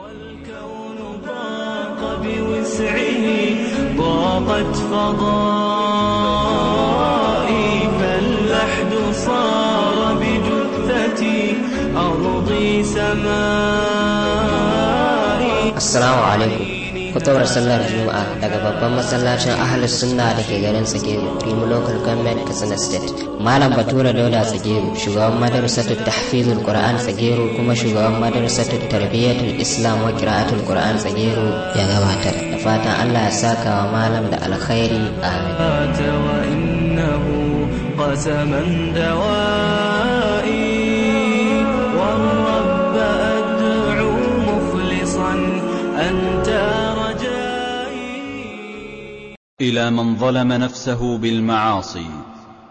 والكون ضاق بوسعه ضاقت فضائي فاللحد صار بجثتي أرضي سمائي السلام عليكم kutubar sallar juma'a daga babban masallacin ahalus sunna da ke garin tsagero primo local government katsina state malam batura dauda tsagero shugaban madarasatu tahfizul qur'an tsagero kuma shugaban madarasatu tarbiyyatul islam wa qira'atul qur'an tsagero ya gabatar da fatan allah ya saka wa malam da alkhairi amin إلى من ظلم نفسه بالمعاصي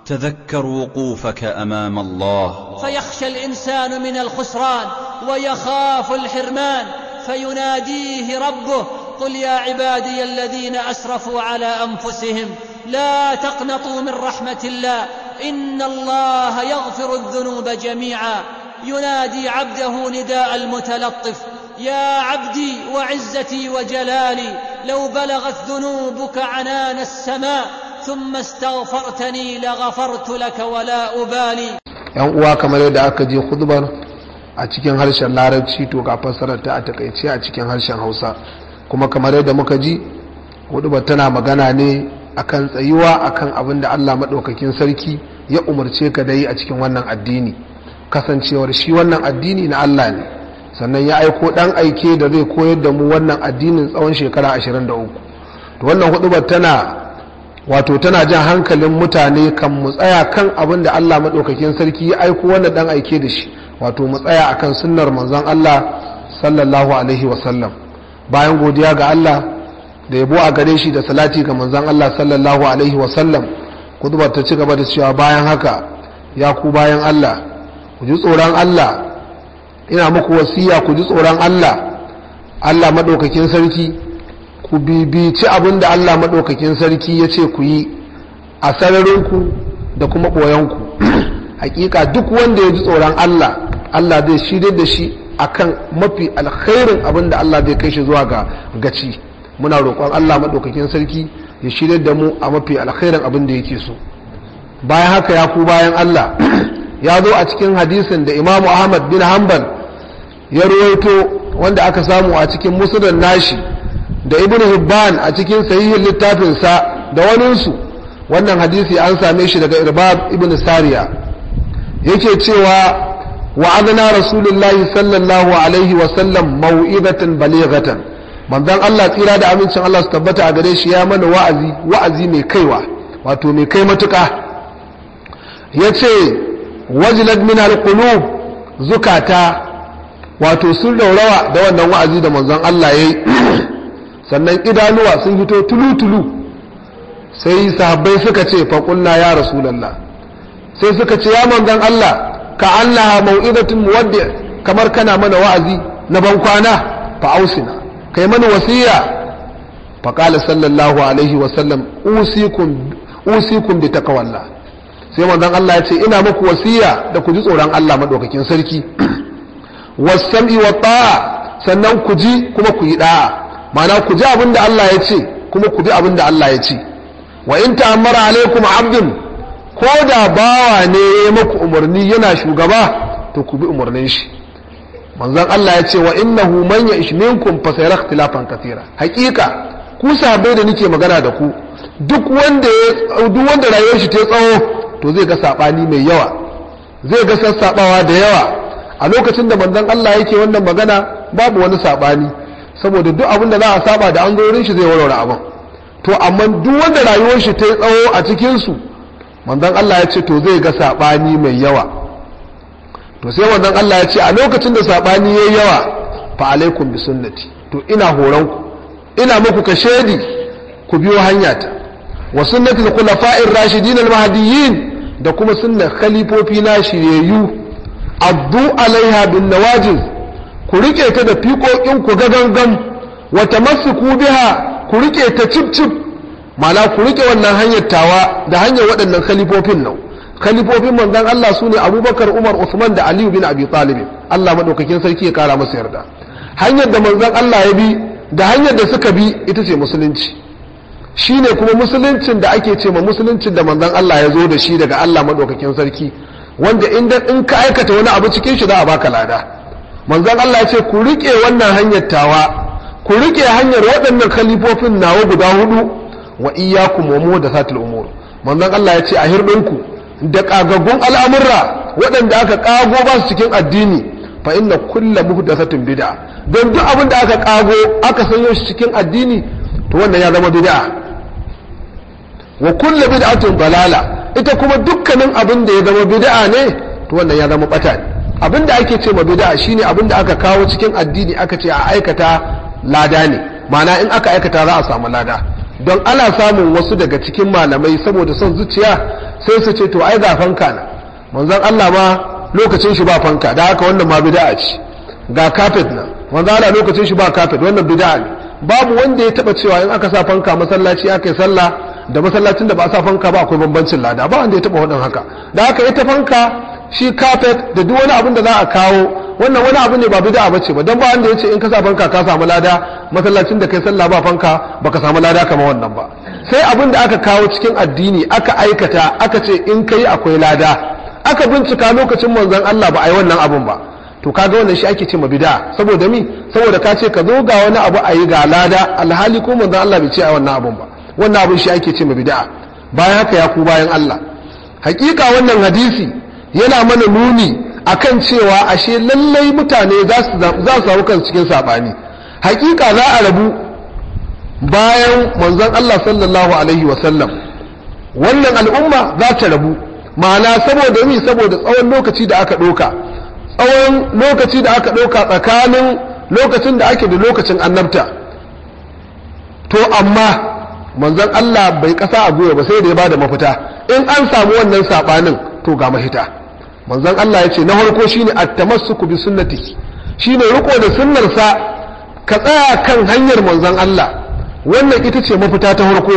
تذكر وقوفك أمام الله فيخشى الإنسان من الخسران ويخاف الحرمان فيناديه ربه قل يا عبادي الذين أسرفوا على أنفسهم لا تقنطوا من رحمة الله إن الله يغفر الذنوب جميعا ينادي عبده نداء المتلطف يا عبدي وعزتي وجلالي لو بلغت ذنوبك عنان السماء ثم استغفرتني لغفرت لك ولا أبالي يعني هو كما لدى أكدي خذبان أتكين هرشا لارب شيتو كأفسر تأتك إتيا أتكين هرشا هوسا كما كما لدى مكجي خذبا تنا مغانا ني أكن أيوة أكن أبند الله مدوك كين سريكي يأمر تيك دي أتكين وانا أديني كسان تيور شي وانا أديني sannan ya aiko ɗan aike da zai koyar da mu wannan addinin tsawon shekara 23 to wannan hudubar tana wato tana jan hankalin mutane kan mu tsaya kan abin da Allah maɗaukakin sarki ya aiko wannan dan aike da shi wato mu tsaya akan sunnar manzon Allah sallallahu alaihi wasallam bayan godiya ga Allah da yabo a gare shi da salati ga manzon Allah sallallahu alaihi wasallam kudubar ta ci gaba da cewa bayan haka ya ku bayan Allah ku ji tsoron Allah ina muku wasiya ku ji tsoron Allah Allah madaukakin sarki ku bibici abin da Allah madaukakin sarki ya ce ku yi a sararinku da kuma ɓoyanku hakika duk wanda ya ji tsoron Allah Allah zai shirye da shi akan mafi alkhairin abin Allah zai kai shi zuwa ga gaci muna roƙon Allah maɗaukakin sarki ya shirye da mu a mafi alkhairin abin da yake so bayan haka ya ku bayan Allah ya zo a cikin hadisin da Imam Ahmad bin Hanbal ya ruwaito wanda aka samu a cikin musulun nashi da ibn hibban a cikin sahihin littafinsa da waninsu wannan hadisi an same shi daga irbab ibn sariya yake cewa wa'adana rasulullahi sallallahu alaihi wasallam mau'izatan balighatan manzon Allah tsira da amincin Allah su tabbata a gare shi ya mana wa'azi wa'azi mai kaiwa wato mai kai matuka yace wajlad min alqulub zukata wato sun raurawa da wannan wa'azi da manzon Allah yayi sannan idanuwa sun fito tulu-tulu sai sahabbai suka ce faƙulla ya rasulallah sai suka ce ya manzon Allah ka Allah mau'izatin muwaddi kamar kana mana wa'azi na bankwana kwana fa ausina kai mana wasiya fa qala sallallahu alaihi wa sallam usikum usikum bi taqwallah sai manzon Allah ya ce ina muku wasiya da ku ji tsoron Allah madaukakin sarki wasam'i wa ta'a sannan ku ji kuma ku yi da'a ma'ana ku ji abin da Allah ya ce kuma ku bi abin da Allah ya ce wa in ta'ammara alaikum abdun ko da bawa ne ya muku umarni yana shugaba to ku bi umarnin shi manzon Allah ya ce wa innahu man ya minkum fa sayara ikhtilafan katira haqiqa ku sabai da nake magana da ku duk wanda duk wanda rayuwar shi ta tsawo to zai ga sabani mai yawa zai ga sassabawa da yawa a lokacin da manzon Allah yake wannan magana babu wani sabani saboda duk abin da za a saba da an gorin shi zai warware abin to amma duk wanda rayuwar shi ta yi tsawo a cikin su manzon Allah ya ce to zai ga sabani mai yawa to sai manzon Allah ya ce a lokacin da sabani yayi yawa fa alaikum bi sunnati to ina horon ku ina muku kashedi ku biyo hanya ta wa al khulafa'ir rashidin al-mahdiyyin da kuma sunnar khalifofi na shiryayyu Abdu alaiha bin nawajin ku rike ta da fiƙoƙin ku gangan, wata masu ku biha ku rike ta cip cip mana ku rike wannan hanyar tawa da hanyar waɗannan kalifofin nan Kalifofin manzon Allah sune Abubakar Umar Usman da Aliyu bin Abi Talib Allah madaukakin sarki ya kara masa yarda hanyar da manzon Allah ya bi da hanyar da suka bi ita ce musulunci shine kuma musuluncin da ake ce ma musuluncin da manzon Allah ya zo da shi daga Allah madaukakin sarki wanda inda in ka aikata wani abu cikin shi za a baka lada manzon Allah ya ce ku rike wannan hanyar tawa ku rike hanyar waɗannan kalifofin nawa guda hudu wa iyyakum wa muhdathatil umur manzon Allah ya ce a hirdinku da kagaggun al'amurra waɗanda aka kago ba su cikin addini fa inna kullu muhdathatin bid'a don duk abin da aka kago aka sanyo shi cikin addini to wannan ya zama bid'a wa kullu bid'atin dalala ita kuma dukkanin abin da ya zama bid'a ne to wannan ya zama bata abin da ake ce ma bid'a shine abin da aka kawo cikin addini aka ce a aikata lada ne ma'ana in aka aikata za a samu lada don ana samun wasu daga cikin malamai saboda son zuciya sai su ce to ai ga fanka na manzon Allah ma lokacin shi ba fanka da haka wannan ma bid'a ce ga carpet na manzon Allah lokacin shi ba carpet wannan bid'a ne babu wanda ya taba cewa in aka sa fanka masallaci aka yi sallah da masallacin da ba a sa fanka ba akwai bambancin lada ba wanda ya taba wadin haka da haka ita fanka shi kafet da duk wani abin da za a kawo wannan wani abu ne ba bid'a bace ba dan ba wanda yace in ka sa fanka ka samu lada masallacin da kai sallah ba fanka baka samu lada kamar wannan ba sai abin da aka kawo cikin addini aka aikata aka ce in kai akwai lada aka bincika lokacin manzon Allah ba yi wannan abun ba to kaga wannan shi ake ce ma bid'a saboda mi saboda ka ce ka zo ga wani abu ayi ga lada alhali ko manzon Allah bai ce ai wannan abun ba wannan abin shi ake ce ma bid'a bayan haka ya ku bayan Allah hakika wannan hadisi yana mana nuni akan cewa ashe lallai mutane za su samu kansu cikin sabani hakika za a rabu bayan manzon Allah sallallahu alaihi wasallam wannan al'umma za ta rabu ma'ana saboda mi saboda tsawon lokaci da aka ɗauka tsawon lokaci da aka ɗauka tsakanin lokacin da ake da lokacin annabta to amma manzon Allah bai kasa a goya ba sai da ya bada mafita in an samu wannan sabanin to ga mafita manzon Allah ya ce na farko shine at-tamassuku bi sunnatihi shine riko da sunnarsa ka tsaya kan hanyar manzon Allah wannan ita ce mafita ta harko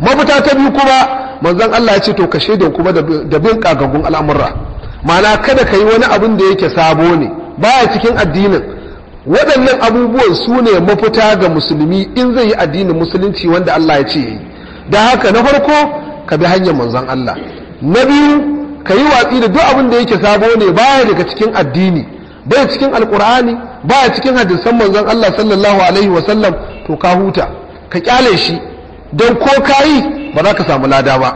mafita ta biyu kuma manzon Allah ya ce to ka shaida kuma da bin kagagun al'amurra ma'ana kada ka yi wani abin da yake sabo ne baya cikin addinin waɗannan abubuwan su ne mafita ga musulmi in zai yi addinin musulunci wanda Allah ya ce yi da haka na farko ka bi hanyar manzan Allah na biyu ka yi watsi da duk abin da yake sabo ne baya daga cikin addini baya cikin alkur'ani baya cikin hadisan manzan Allah sallallahu alaihi wa to ka huta ka kyale shi don ko kayi ba za ka samu lada ba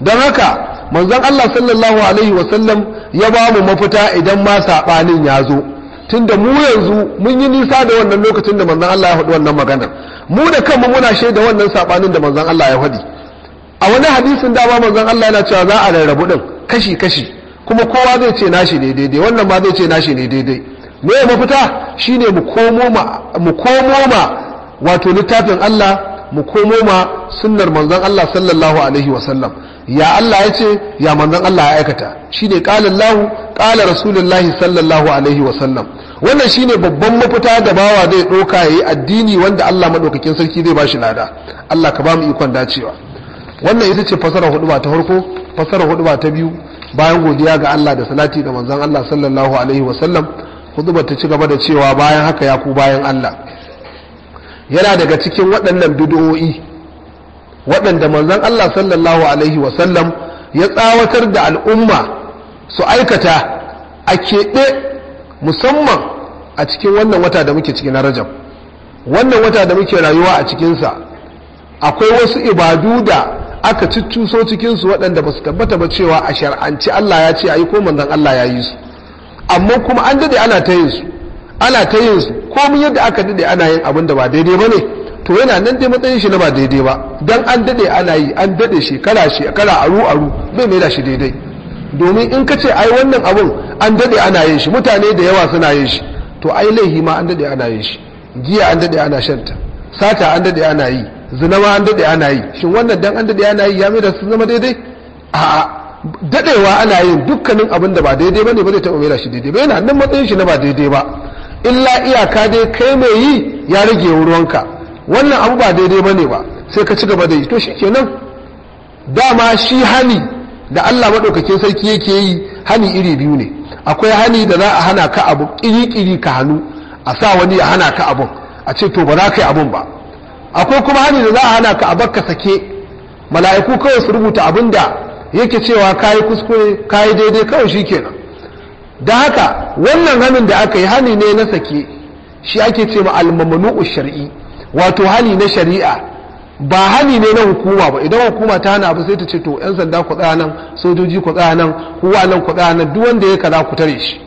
don haka manzon Allah sallallahu alaihi wa ya ba mu mafita idan ma sabanin ya zo tun da mu yanzu mun yi nisa da wannan lokacin da manzon Allah ya faɗi wannan magana mu da kanmu muna shaida wannan saɓanin da manzan Allah ya faɗi a wani hadisin dama manzon Allah yana cewa za a rarrabu ɗin kashi kashi kuma kowa zai ce nashi ne daidai wannan ma zai ce nashi ne daidai me mafita shine mu komo mu komo ma wato littafin Allah mu komo ma sunnar manzon Allah sallallahu alaihi wasallam ya Allah ya ce ya manzon Allah ya aikata shine ne ƙalar qala rasulullahi sallallahu alaihi wasallam wannan shi ne babban mafita da bawa zai ɗoka ya yi addini wanda Allah maɗaukakin sarki zai shi lada Allah ka ba mu ikon dacewa wannan ita ce fasara ba ta farko fasara ba ta biyu bayan godiya ga Allah da salati da manzan Allah sallallahu alaihi wasallam hudubar ta ci gaba da cewa bayan haka ya ku bayan Allah yana daga cikin waɗannan bid'o'i waɗanda manzon Allah sallallahu alaihi wasallam ya tsawatar da al'umma su aikata a keɓe musamman a cikin wannan wata da muke cikin rajab wannan wata da muke rayuwa a cikinsa akwai wasu ibadu da aka ciccuso cikinsu waɗanda ba su tabbata ba cewa a shar'anci Allah ya ce a yi ko manzan Allah ya yi su amma kuma an daɗe ana ta yin su ana ta yin su komi yadda aka daɗe ana yin abin da ba daidai ba ne to yana nan dai matsayin shi na ba daidai ba dan an dade ana yi an dade shekara shekara aru aru bai mai da shi daidai domin in ka ce ai wannan abun an dade ana yin shi mutane da yawa suna yin shi to ai laihi ma an dade ana yin shi giya an dade ana shanta sata an dade ana yi zinawa an dade ana yi shin wannan dan an dade ana yi ya mai da su zama daidai a dadewa ana yin dukkanin abin da ba daidai bane ba zai taɓa mai da shi daidai ba yana nan matsayin shi na ba daidai ba illa iyaka dai kai mai yi ya rage ruwanka wannan abu ba daidai ba ne ba sai ka ci gaba da yi to shi kenan dama shi hani da allah maɗaukakin sarki yake yi hani iri biyu ne akwai hani da za a hana ka abu ƙiri-ƙiri ka hannu a sa wani ya hana ka abun a ce to ba za ka yi abun ba akwai kuma hani da za a hana ka abar ka sake mala'iku kawai su rubuta abin da yake cewa ka yi kuskure ka yi daidai kawai shi kenan da haka wannan hannun da aka yi hani ne na sake shi ake ce ma almamanu'u shar'i wato hali na shari'a ba hali ne na hukuma ba idan hukuma ta hana abu sai ta ce to yan sanda ku tsaya nan sojoji ku tsaya nan kowa nan ku tsaya nan duk wanda ya kaza ku tare shi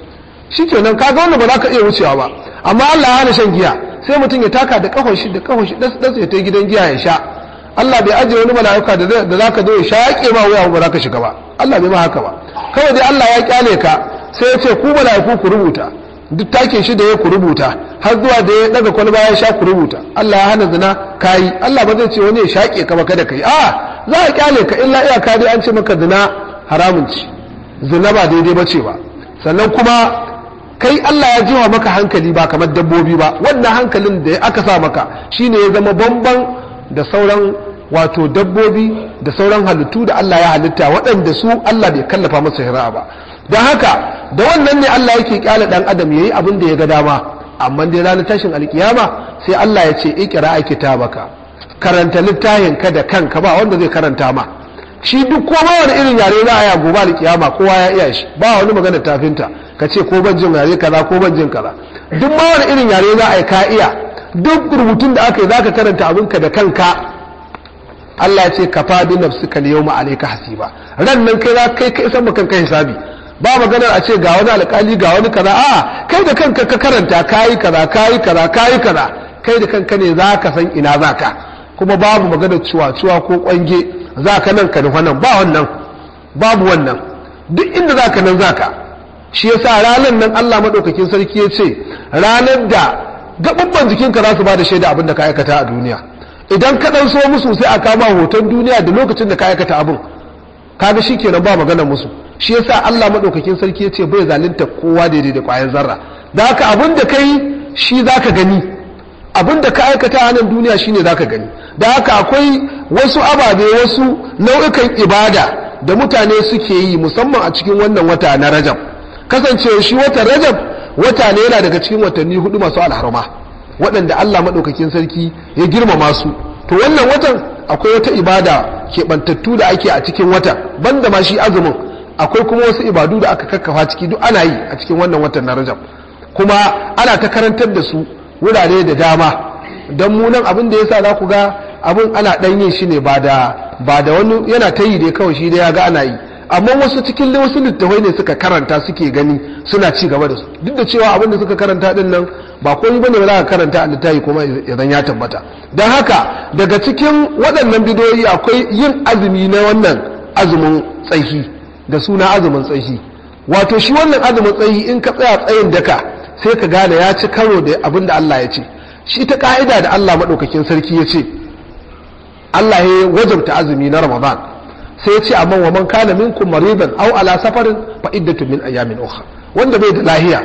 shikenan kaga wannan ba za ka iya wucewa ba amma Allah ya hana shan giya sai mutum ya taka da kafan shi da kafan shi ya ta gidan giya ya sha Allah bai ajiye wani mala'ika da za ka zo ya sha shaƙe ma wuya ba za ka shiga ba Allah bai ma haka ba kawai dai Allah ya kyale ka sai ya ce ku mala'iku ku rubuta duk take shi da ya ku rubuta har zuwa da ya daga kwalba ya sha ku rubuta Allah ya hana zina kayi Allah ba zai ce wani ya shaƙe ka ba kada kai a za a kyale ka illa iyaka dai an ce maka zina haramun ci zina ba daidai ba ce ba sannan kuma kai Allah ya jiwa maka hankali ba kamar dabbobi ba wannan hankalin da aka sa maka shine ya zama bamban da sauran wato dabbobi da sauran halittu da Allah ya halitta waɗanda su Allah bai kallafa musu hira ba don haka da wannan ne Allah yake kyale dan adam yayi abin da ya ga dama amma dai ranar tashin alkiyama sai Allah ya ce ikra kitabaka karanta littafin ka da kanka ba wanda zai karanta ma shi duk kowa wani irin yare za a yi gobe alkiyama kowa ya iya shi ba wani magana tafinta ka ce ko ban jin yare kaza ko ban jin kaza duk ma wani irin yare za a yi ka iya duk rubutun da aka yi za ka karanta abinka da kanka Allah ya ce ka fadi nafsuka al-yawma alayka hasiba ran nan kai za kai kai san kai hisabi ba maganar a ce ga wani alkali ga wani kaza a kai da kanka ka karanta kayi kaza kayi kaza kayi kaza kai da kanka ne za ka san ina za ka kuma babu maganar cuwa-cuwa ko kwange za ka nan ka nufa nan ba wannan babu wannan duk inda za ka nan za ka shi yasa ranar nan allah maɗaukakin sarki ya ce ranar da gaɓaɓɓan jikinka za su ba da shaida abin da ka aikata a duniya idan ka ɗan so musu sai a kama hoton duniya da lokacin da ka aikata abin kaga shi kenan ba maganar musu shi yasa Allah madaukakin sarki ya ce bai zalunta kowa daidai da kwayan zarra da haka abin da ka yi shi za ka gani abin da ka aikata a nan duniya za ka gani da haka akwai wasu ababe wasu nau'ikan ibada da mutane suke yi musamman a cikin wannan wata na rajab kasancewa shi wata rajab wata ne yana daga cikin watanni hudu masu alharma waɗanda Allah maɗaukakin sarki ya girmama su to wannan watan akwai wata ibada keɓantattu da ake a cikin watan banda ma shi azumin akwai kuma wasu ibadu da aka kakkafa ciki duk ana yi a cikin wannan watan na rajab kuma ana ta karantar da su wurare da dama don munan abin da sa za ku ga abin ana ɗanyen shi ne ba da wani yana ta yi ya kawai shi da ya ga ana yi amma wasu cikin wasu littafai ne suka karanta suke gani suna ci gaba da su duk da cewa abin da suka karanta din nan ba komai bane ba za ka karanta a littafi kuma idan ya tabbata don haka daga cikin waɗannan bidoyi akwai yin azumi na wannan azumin tsaki da suna azumin tsayi wato shi wannan azumin tsayi in ka tsaya tsayin daka sai ka gane ya ci karo da abin da Allah ya ce shi ta ka'ida da Allah maɗaukakin sarki ya ce Allah ya wajabta azumi na Ramadan sai ya ce amma wa man kana minkum maridan au ala safarin fa iddatun min ayamin oha. wanda bai da lahiya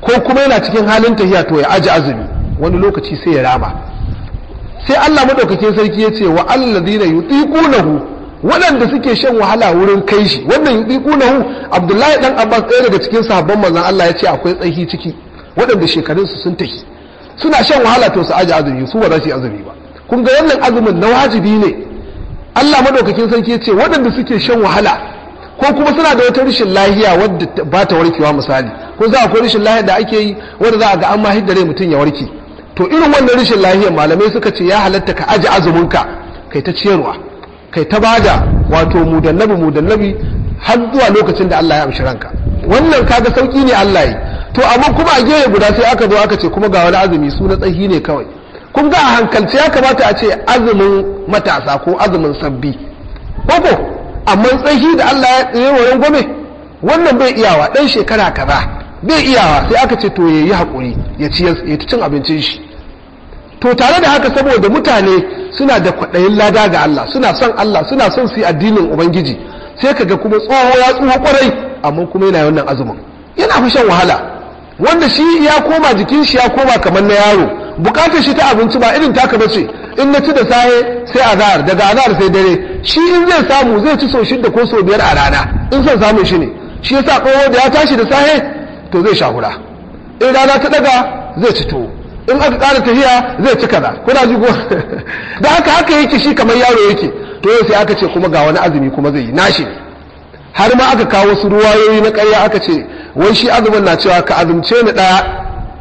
ko kuma yana cikin halin tahiya to ya aji azumi wani lokaci sai ya rama sai Allah maɗaukakin sarki ya ce wa alladhina yutiqunahu waɗanda suke shan wahala wurin kai shi wannan yi yudiqunahu abdullahi dan abbas ɗaya daga cikin sahabban mazan Allah ya ce akwai tsaki ciki waɗanda shekarun sun tafi suna shan wahala to su aji azumi su ba za su yi azumi ba kun ga wannan azumin na wajibi ne Allah madaukakin sarki ya ce waɗanda suke shan wahala ko kuma suna da wata rashin lahiya wadda ba ta warkewa misali ko za a ko rashin lahiya da ake yi wadda za a ga an ma rai mutum ya warke to irin wannan rashin lahiyar malamai suka ce ya halatta ka aji azuminka kai ta ciyarwa kai ta bada wato mudallabi mudallabi har zuwa lokacin da Allah ya amshi ranka wannan kaga sauki ne Allah yi to amma kuma a gefe guda sai aka zo aka ce kuma ga wani azumi su na tsahi ne kawai kun ga a hankalce ya kamata a ce azumin matasa ko azumin sabbi koko amma tsahi da Allah ya tsaye wa gome wannan bai iyawa dan shekara kaza bai iyawa sai aka ce to yayi hakuri ya ci ya cin abincin shi to tare da haka saboda mutane suna da kwaɗayin lada ga Allah suna son Allah suna son su yi addinin ubangiji sai ka ga kuma tsohon ya tsoho kwarai amma kuma yana wannan azumin yana fushan shan wahala wanda shi ya koma jikin shi ya koma kamar na yaro bukatar shi ta abinci ba irin taka bace in na ci da saye sai azahar daga azahar sai dare shi in zai samu zai ci sau shida ko sau biyar a rana in son samun shi ne shi yasa tsoho da ya tashi da sahe to zai sha hura in rana ta ɗaga zai ci tuwo in aka ƙara tafiya zai ci kaza kuna ji ko da haka haka yake shi kamar yaro yake to sai aka ce kuma ga wani azumi kuma zai yi nashi ne har ma aka kawo su ruwayoyi na ƙarya aka ce wai shi azumin na cewa ka azumce ni ɗaya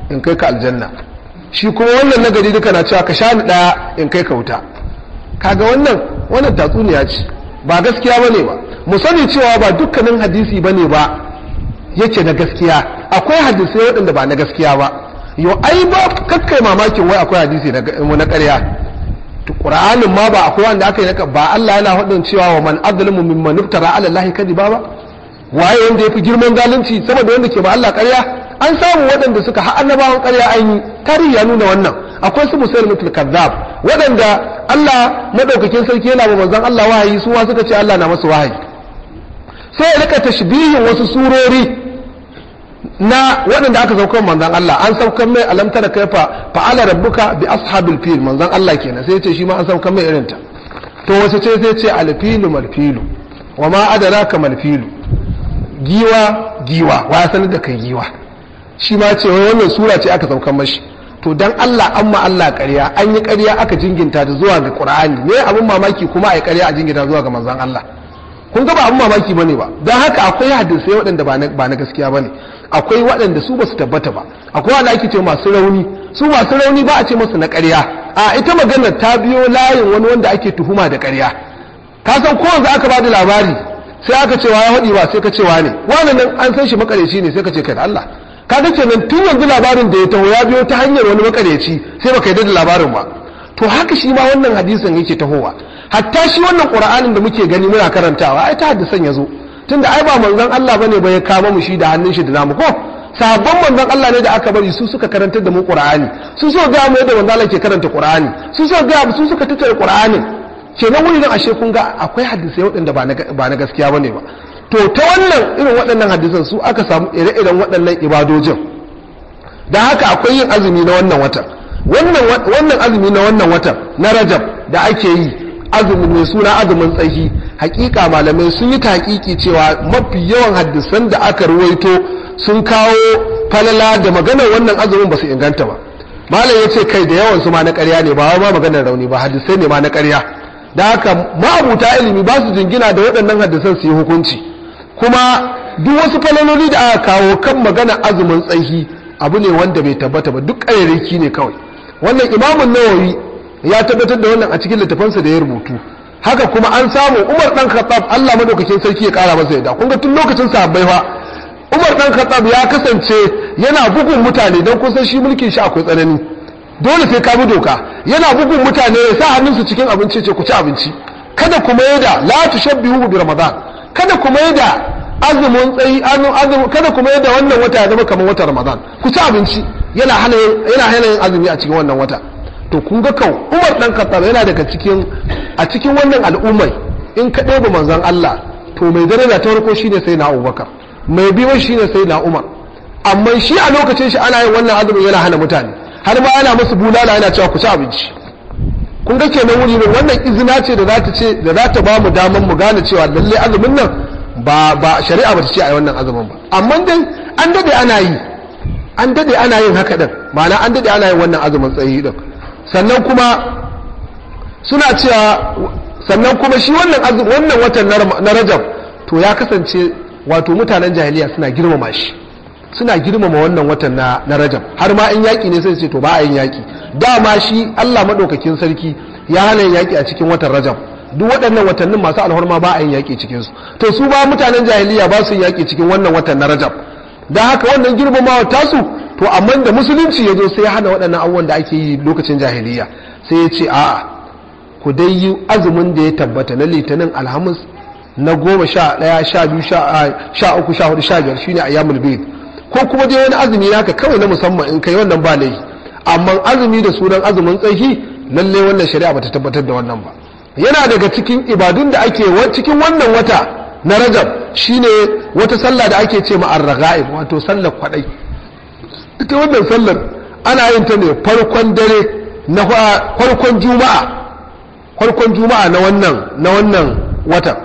in kai ka aljanna shi kuma wannan nagari duka na cewa ka sha ni ɗaya in kai ka wuta kaga wannan wannan tatsuniya ce ba gaskiya bane ba mu sani cewa ba dukkanin hadisi bane ba yake na gaskiya akwai hadisai waɗanda ba na gaskiya ba yau ai ba kakkai mamakin wai akwai hadisi na ƙarya ƙura'a'nin ma ba akwai wanda aka yi naka ba Allah yana haɗin cewa wa man azlimu min nuftara ala Allah kadi ba waye wanda ya fi girman zalunci saboda da wanda ke ba Allah ƙarya an samu waɗanda suka na annabawan ƙarya an yi tarihi ya nuna wannan akwai su musail mutul kazzab waɗanda Allah madaukakin sarki yana ba manzon Allah wahayi su suka ce Allah na masu wahayi sai ya rika tashbihin wasu surori na waɗanda aka saukar manzan Allah an saukar mai alamta da kai fa'ala rabbuka bi ashabil fil manzan Allah kenan sai ce shi ma an saukar mai irin to wace ce sai ce alfilu malfilu wa ma adraka malfilu giwa giwa wa sanar da kai giwa shi ma ce wannan sura ce aka saukar mashi to dan Allah an ma Allah ƙarya an yi ƙarya aka jinginta da zuwa ga Qur'ani ne abin mamaki kuma yi ƙarya a jinginta zuwa ga manzan Allah kun ga ba abun mamaki bane ba dan haka akwai hadisai waɗanda ba na gaskiya bane akwai waɗanda su ba su tabbata ba akwai wanda ake ce masu rauni su masu rauni ba a ce masu na ƙarya a ita magana ta biyo layin wani wanda ake tuhuma da ƙarya ka san ko yanzu aka ba da labari sai aka cewa ya haɗi ba sai ka cewa ne wannan nan an san shi makareci ne sai ka ce kai da Allah ka ga kenan tun yanzu labarin da ya taho ya biyo ta hanyar wani makareci sai baka yarda da labarin ba to haka shi ma wannan hadisin yake tahowa hatta shi wannan qur'anin da muke gani muna karantawa ai ta hadisan ya zo tunda ai ba manzon Allah bane ba ya kama mu shi da hannun shi da namu ko sabon manzon Allah ne da aka bari su suka karantar da mu Qur'ani su so ga mu yadda manzon Allah ke karanta Qur'ani su so ga su suka tattara Qur'ani kenan wurin ashe kun ga akwai hadisai waɗanda ba na gaskiya bane ba to ta wannan irin waɗannan hadisan su aka samu ire-iren waɗannan ibadojin da haka akwai yin azumi na wannan watan wannan azumi na wannan watan na rajab da ake yi azumin mai suna azumin tsaki hakika malamai sun yi hakiki cewa mafi yawan hadisan da aka ruwaito sun kawo falala da maganar wannan azumin ba su inganta ba malam ya ce kai da yawan su ma na ƙarya ne ba ma maganar rauni ba hadisai ne ma na ƙarya da haka ma'abuta ilimi ba su jingina da waɗannan hadisan su yi hukunci kuma duk wasu falaloli da aka kawo kan magana azumin tsaihi abu ne wanda bai tabbata ba duk ƙayyarki ne kawai wannan imamun nawawi ya tabbatar da wannan a cikin littafansa da ya rubutu haka kuma an samu umar dan khattab Allah madaukakin sarki ya kara masa yadda kun ga tun lokacin sahabbai fa umar dan khattab ya kasance yana bugun mutane dan san shi mulkin shi akwai tsanani dole sai ka bi doka yana bugun mutane ya sa hannunsu cikin abinci ce ku ci abinci kada kuma yada la tushabbihu bi ramadan kada kuma yada azumin tsayi anu azumi kada kuma yada wannan wata ya zama kamar wata ramadan ku ci abinci yana hana yana hana azumi a cikin wannan wata to kun ga kan umar dan khattab yana daga cikin a cikin wannan al'ummai in ka ɗebe manzan Allah to mai daraja ta farko shine sai na Abubakar mai biyu shine sai na Umar amma shi a lokacin shi ana yin wannan azumin yana hana mutane har ma ana musu bulala yana cewa ku ci abinci kun ga kenan wuri ne wannan izina ce da za ta ce da ba mu daman mu gane cewa lalle azumin nan ba ba shari'a ba ta ce a wannan azumin ba amma dai an dade ana yi an dade ana yin haka din ma'ana an dade ana yin wannan azumin tsayi din sannan kuma suna cewa sannan kuma shi wannan wannan watan na rajab to ya kasance wato mutanen jahiliya suna girmama shi suna girmama wannan watan na, rajab har ma in yaki ne sai ce to ba a yin yaƙi dama shi allah madaukakin sarki ya hana yin yaƙi a cikin watan rajab duk waɗannan watannin masu alhorma ba a yin yaƙi cikinsu to su ba mutanen jahiliya ba su yin yaƙi cikin wannan watan na rajab dan haka wannan girmamawa su. to amma da musulunci ya zo sai ya hana waɗannan abubuwan da ake yi lokacin jahiliya sai ya ce a'a ku dai yi azumin da ya tabbata na litinin alhamis na goma sha ɗaya sha biyu sha uku sha hudu sha biyar shine yamul bid ko kuma dai wani azumi naka kawai na musamman in kai wannan ba laifi amma azumi da sunan azumin tsaki lallai wannan shari'a ba ta tabbatar da wannan ba yana daga cikin ibadun da ake cikin wannan wata na rajab shine wata sallah da ake ce ma ar wato sallar kwadai ita wannan sallar ana yin ta ne farkon dare na farkon juma'a farkon juma'a na wannan na wannan watan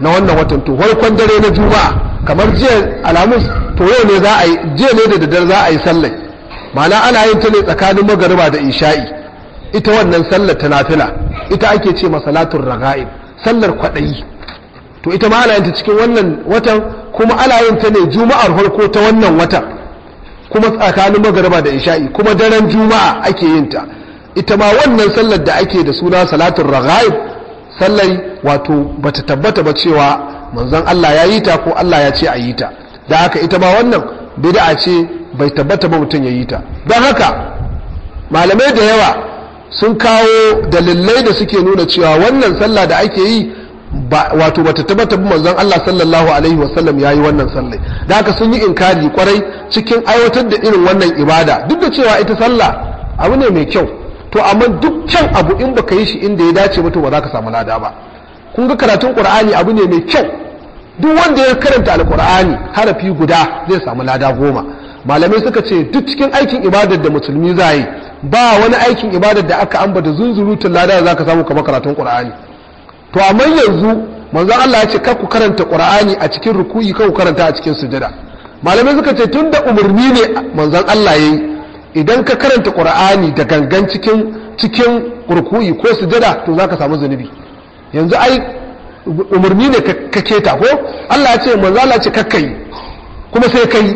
na wannan watan to farkon dare na juma'a kamar jiya alamus to yau ne za a yi jiya ne da daddare za a yi sallar ma'ana ana yin ta ne tsakanin magariba da isha'i ita wannan sallar ta nafila ita ake ce masalatun raga'ib sallar kwaɗayi to ita ma ana yin ta cikin wannan watan kuma ana yin ta ne juma'ar farko ta wannan watan kuma tsakanin magarba da isha'i kuma daren juma'a ake yin ta ita ma wannan sallar da ake da suna salatun raghaib sallai wato bata tabbata ba cewa manzon Allah ya yi ta ko Allah ya ce a yi ta da haka ita ma wannan bid'a ce bai tabbata ba mutum ya yi ta don haka malamai da yawa sun kawo dalilai da suke nuna cewa wannan sallah da ake yi wato bata tabbata bi manzon Allah sallallahu alaihi sallam yayi wannan sallai da haka sun yi inkari kwarai cikin aiwatar da irin wannan ibada duk da cewa ita sallah abu ne mai kyau to amma duk kyan abu in baka yi shi inda ya dace mutum ba za ka samu lada ba kun ga karatun qur'ani abu ne mai kyau duk wanda ya karanta alqur'ani harafi guda zai samu lada goma malamai suka ce duk cikin aikin ibadar da musulmi za ba wani aikin ibadar da aka ambata zunzurutun lada za ka samu kamar karatun qur'ani to amma yanzu manzo Allah ya ce kar ku karanta Qur'ani a cikin ruku'i kar ku karanta a cikin sujada malamai suka ce tunda umarni ne manzo Allah yayi idan ka karanta Qur'ani da gangan cikin cikin ruku'i ko sujada to zaka samu zanubi yanzu ai umarni ne ka keta ko Allah ya ce manzo Allah ya ce kakkai kuma sai kai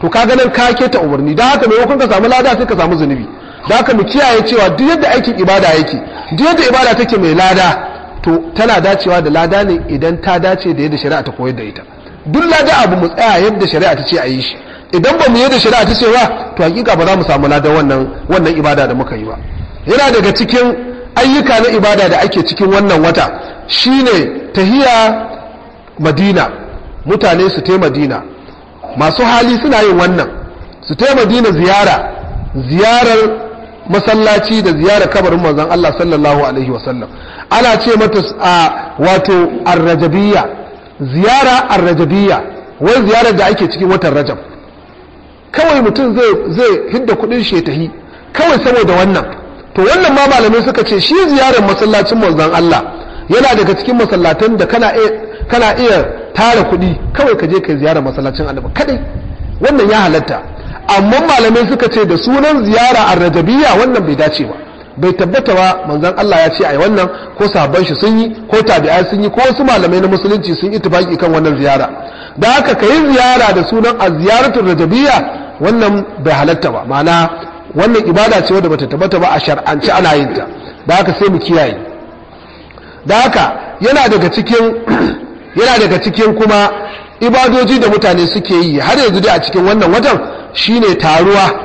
to ka ganin ka keta umarni dan haka maimakon ka samu lada sai ka samu zanubi da haka mu kiyaye cewa duk yadda aikin ibada yake duk yadda ibada take mai lada to tana dacewa da lada ne idan ta dace da yadda shari'a ta koyar da ita duk lada abu mu tsaya yadda shari'a ta ce a yi shi idan ba mu yadda shari'a ta ce ba to hakika ba za mu samu lada wannan wannan ibada da muka yi ba yana daga cikin ayyuka na ibada da ake cikin wannan wata shine tahiya madina mutane su tai madina masu hali suna yin wannan su tai madina ziyara ziyarar masallaci da ziyarar kabarin manzon Allah sallallahu alaihi wasallam ana ce mata a wato arrajabiyya ziyara arrajabiyya wai ziyarar da ake cikin watan rajab kawai mutum zai zai hidda kudin shetahi kawai saboda wannan to wannan ma malamai suka ce shi ziyarar masallacin manzon Allah yana daga cikin masallatan da kana kana iya tara kuɗi kawai ka je ka ziyara masallacin annabi kadai wannan ya halatta amma malamai suka ce da sunan ziyara a rajabiya wannan bai dace ba bai tabbata ba manzon Allah ya ce yi wannan ko sabon shi sun yi ko tabi'ai sun yi ko wasu malamai na musulunci sun ittifaki kan wannan ziyara da haka ka yi ziyara da sunan a ziyaratun rajabiya wannan bai halatta ba ma'ana wannan ibada ce wadda bata tabbata ba a shar'anci ana yin ta da haka sai mu kiyaye da haka yana daga cikin yana daga cikin kuma ibadoji da mutane suke yi har yanzu dai a cikin wannan watan Shi ne taruwa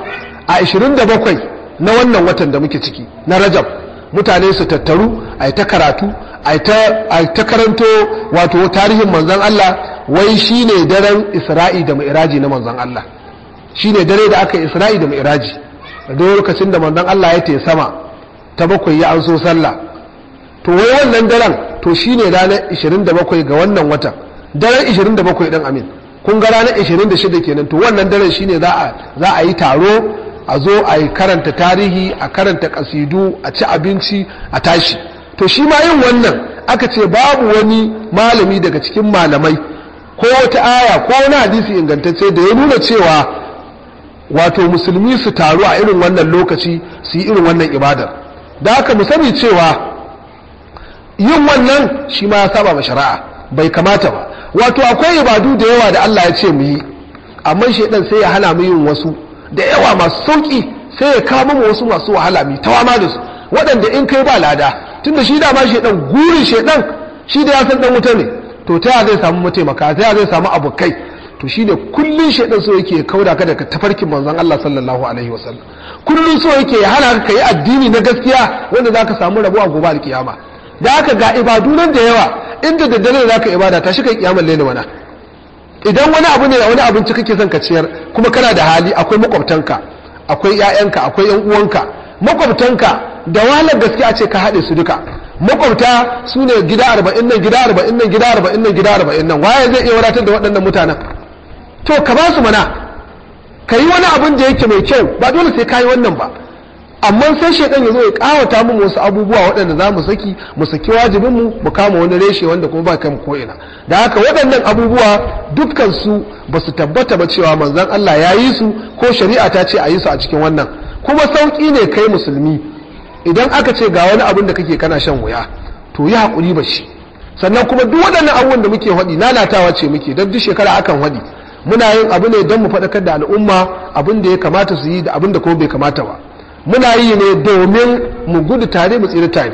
a 27 na wannan watan da muke ciki na rajab mutane su tattaru a ta karatu a ta karanto wato tarihin manzan Allah wai shi ne daren isra'i da ma'iraji na manzan Allah Shi ne dare da aka isra'i da ma'iraji da lokacin da manzan Allah ya te sama ta bakwai ya an so sallah to wai wannan daren to shi ne ranar 27 ga wannan watan daren 27 din amin kun ga ranar 26 kenan to wannan daren shine za a za a yi taro a zo a yi karanta tarihi a karanta kasidu a ci abinci a tashi to shi ma yin wannan aka ce babu wani malami daga cikin malamai ko wata aya ko wani hadisi ingantacce da ya nuna cewa wato musulmi su taru a irin wannan lokaci su yi irin wannan ibadar da haka mu sani cewa yin wannan shi ma ya saba ma shari'a bai kamata ba wato akwai ibadu da yawa da Allah ya ce mu yi amma shaidan sai ya hana mu yin wasu da yawa masu sauki sai ya kama mu wasu masu wahala mu tawama da su waɗanda in kai ba lada tunda shi da ma shaidan gurin shaidan shi da ya san dan wuta ne to ta zai samu mataimaka ta zai samu abokai to shine kullun shaidan so yake kauda ka daga tafarkin manzon Allah sallallahu alaihi wasallam kullun so yake ya hana ka yi addini na gaskiya wanda zaka samu rabuwa gobe alkiyama da haka ga ibadu nan da yawa inda daddare za ka ibada ta shi kai kiyamar ni mana idan wani abu ne wani abinci kake son ka ciyar kuma kana da hali akwai makwabtanka akwai ƴaƴanka akwai ƴan uwanka makwabtanka da wahalar gaske a ce ka haɗe su duka makwabta su ne gida arba'in nan gida arba'in nan gida arba'in nan gida arba'in nan waye zai iya wadatar da waɗannan mutanen to ka ba su mana ka yi wani abin da yake mai kyau ba dole sai ka yi wannan ba amma sai shekan ya zo ya kawata mu wasu abubuwa waɗanda za mu saki mu saki wajibin mu mu kama wani reshe wanda kuma ba kan ko'ina da haka waɗannan abubuwa dukkan su ba su tabbata ba cewa manzon Allah ya yi su ko shari'a ta ce a yi su a cikin wannan kuma sauki ne kai musulmi idan aka ce ga wani abin da kake kana shan wuya to yi hakuri ba shi sannan kuma duk waɗannan abubuwan da muke haɗi lalatawa ce muke don duk shekara akan haɗi muna yin abu ne don mu faɗakar da al'umma abin da ya kamata su yi da abin da kuma bai kamata ba muna yi ne domin mu gudu tare mu tsira tare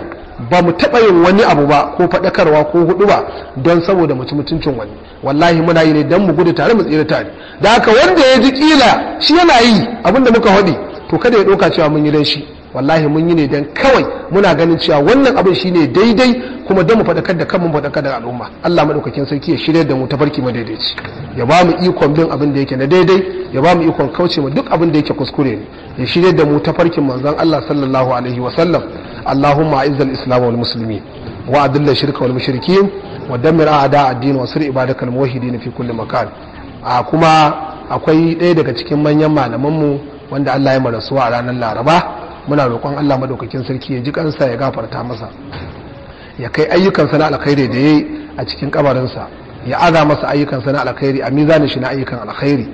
ba mu taɓa yin wani abu ba ko faɗakarwa ko hudu ba don saboda mu mutuncin wani wallahi muna yi ne don mu gudu tare mu tsira tare da haka wanda ya ji kila shi yana yi abinda muka haɗi to kada ya ɗauka cewa mun yi don shi wallahi mun yi ne don kawai muna ganin cewa wannan abin shi ne daidai kuma don mu fadakar da kanmu fadakar da al'umma Allah madaukakin sarki ya shirya da mu tafarki mu daidaici ya ba mu ikon bin abin da yake na daidai ya ba mu ikon kauce mu duk abin da yake kuskure ne ya shirya da mu tafarkin manzon Allah sallallahu alaihi wa sallam اللهم اعز الاسلام والمسلمين واذل الشرك والمشركين ودمر اعداء الدين وانصر عبادك الموحدين Fi kulli makar a kuma akwai ɗaya daga cikin manyan malamanmu wanda Allah ya marasuwa a ranar laraba muna roƙon Allah madaukakin sarki ya ji kansa ya gafarta masa ya kai ayyukan na alkhairi da ya yi a cikin kabarinsa ya aza masa ayyukan na alkhairi a mizanin shi na ayyukan alkhairi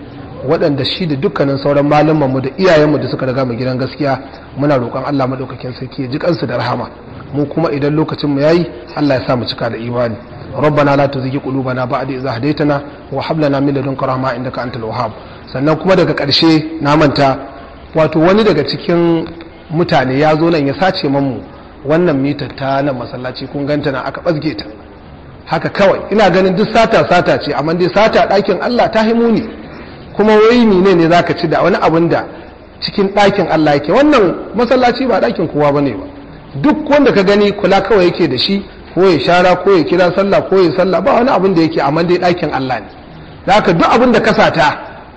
waɗanda shi da dukkanin sauran malamanmu da iyayenmu da suka riga mu gidan gaskiya muna roƙon Allah madaukakin sarki ya ji kansu da rahama mu kuma idan lokacin mu yi Allah ya sa mu cika da imani ربنا لا تزغ قلوبنا بعد إذ هديتنا وهب لنا من لدنك رحمة إنك أنت الوهاب sannan kuma daga karshe na manta wato wani daga cikin mutane ya zo nan ya sace mu wannan mitar ta nan masallaci kun ganta na aka ɓazge ta haka kawai ina ganin duk sata sata ce amma dai sata ɗakin Allah ta himu ne kuma wai ni ne ne zaka ci da wani abun da cikin ɗakin Allah yake wannan masallaci ba ɗakin kowa ba ne ba duk wanda ka gani kula kawai yake da shi ko ya shara ko ya kira sallah ko ya sallah ba wani abun da yake amma dai ɗakin Allah ne za ka duk abun da ka sata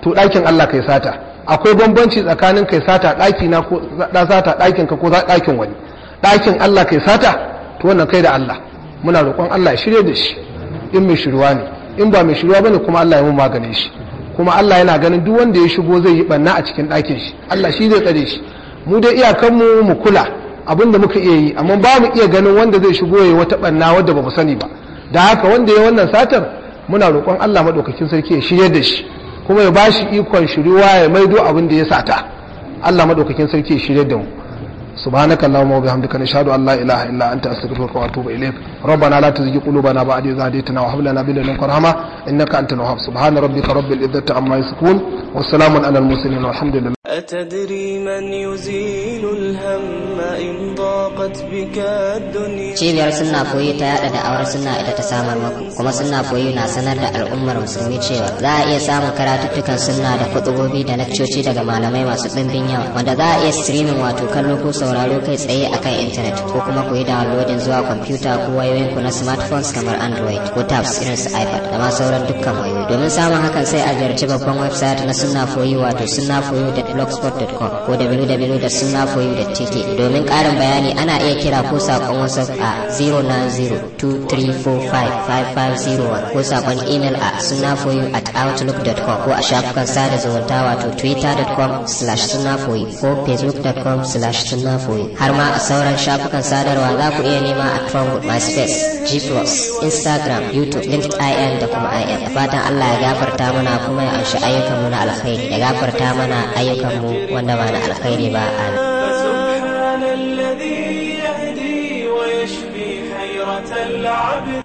to ɗakin Allah kai sata akwai bambanci tsakanin kai sata ɗaki na ko da sata ɗakin ka ko ɗakin wani ɗakin Allah kai sata to wannan kai da Allah muna roƙon Allah ya shirye da shi in mai shiruwa ne in ba mai shiruwa bane kuma Allah ya mu magane shi kuma Allah yana ganin duk wanda ya shigo zai yi banna a cikin ɗakin shi Allah shi zai tsare shi mu dai iyakan mu mu kula abin da muka iya yi amma ba mu iya ganin wanda zai shigo ya wata banna wadda ba mu sani ba da haka wanda ya wannan satar muna roƙon Allah madaukakin sarki ya shirye da shi kuma ya bashi ikon shiriwa ya maido abin da ya sata Allah madaukakin sarki ya shirye da mu سبحانك اللهم وبحمدك نشهد ان لا اله الا انت استغفرك واتوب اليك ربنا لا تزغ قلوبنا بعد إذ هديتنا وهب لنا من لدنك رحمه انك انت الوهاب سبحان ربك رب العزه عما يصفون والسلام على المرسلين والحمد لله أتدري من يزيل الهم إن ضاقت بك الدنيا cibiyar sunna koyi ta yada da auren sunna ita ta samar maku kuma sunna na sanar da al'ummar musulmi cewa za a iya samun karatuttukan sunna da kutubobi da nafcoci daga malamai masu ɗimbin yawa wanda za a iya streaming wato kallo kusa sauraro sauraro kai tsaye akan intanet ko kuma ku yi downloading zuwa kwamfuta ko wayoyinku na smartphones kamar android ko tabs irin su ipad da ma sauran dukkan wayoyi domin samun hakan sai a ziyarci babban website na sunna for you wato sunnaforyou.blogspot.com ko tk domin karin bayani ana iya kira ko saƙon whatsapp a 09023455501 ko saƙon email a sunnaforyou at outlook.com ko a shafukan sada zumunta wato twitter.com slash sunnaforyou ko facebook.com slash har ma a sauran shafukan sadarwa za ku iya nema a Trumpwood MySpace, G+, Instagram, YouTube, LinkedIn da kuma IM. Da fatan Allah ya gafarta mana kuma ya anshi ayyukanmu na alkhairi, ya gafarta mana ayyukanmu wanda ba na alkhairi ba a